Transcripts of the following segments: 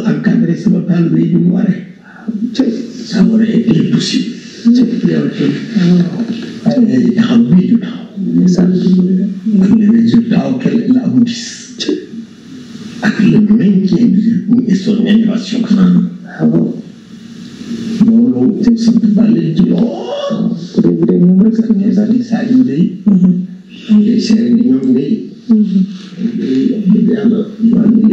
आख्या करे सब फैल गई जो मारे सब रे दिल पुसी चेक किया उसे हम भी जुटाओ अगले ने जुटाओ के लाउडिस अगले में क्या मुझे इस और में बात शुरू करना हेलो बोलो जब सब बाले जो बिरे नंबर से नहीं जाली साइड में ये शेयर नहीं होंगे ये अब बिरे अब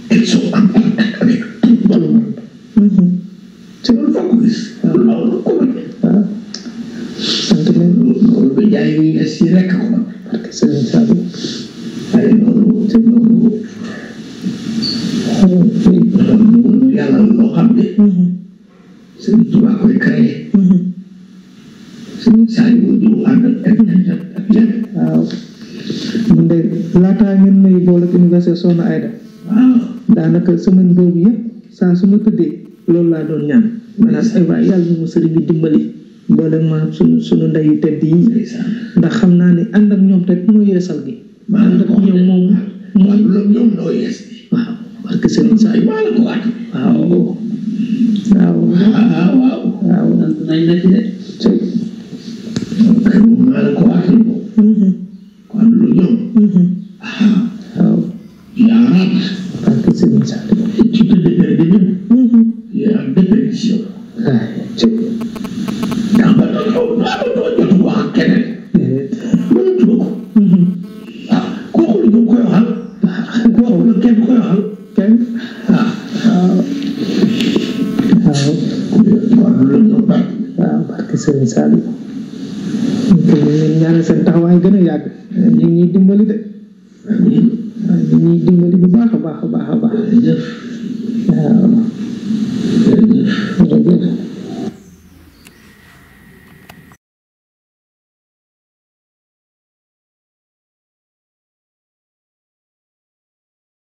ya iba a ir a Siraca Juan, para que se lo sabe. Ahí lo dote, lo dote. Cuando ya lo dote, se me tuvo a colcar. Se me salió de un lado. Mende, lata a mí me iba a lo que me iba a hacer son a Eda. Dana que se me envolvía, sa su me pedí, lo la doña. Mana sa iba a ir a lo que me boole ma suñu suñu ndeyu tedd yi ndax xam naa ni ànd ak rek mooy yeesal gi waaw waaw waaw waaw saya buka kan kesini sali kemudian saya ha. tahu yang kena ya yang ini dimbali ini dimbali bahawa bahawa bahawa ya Allah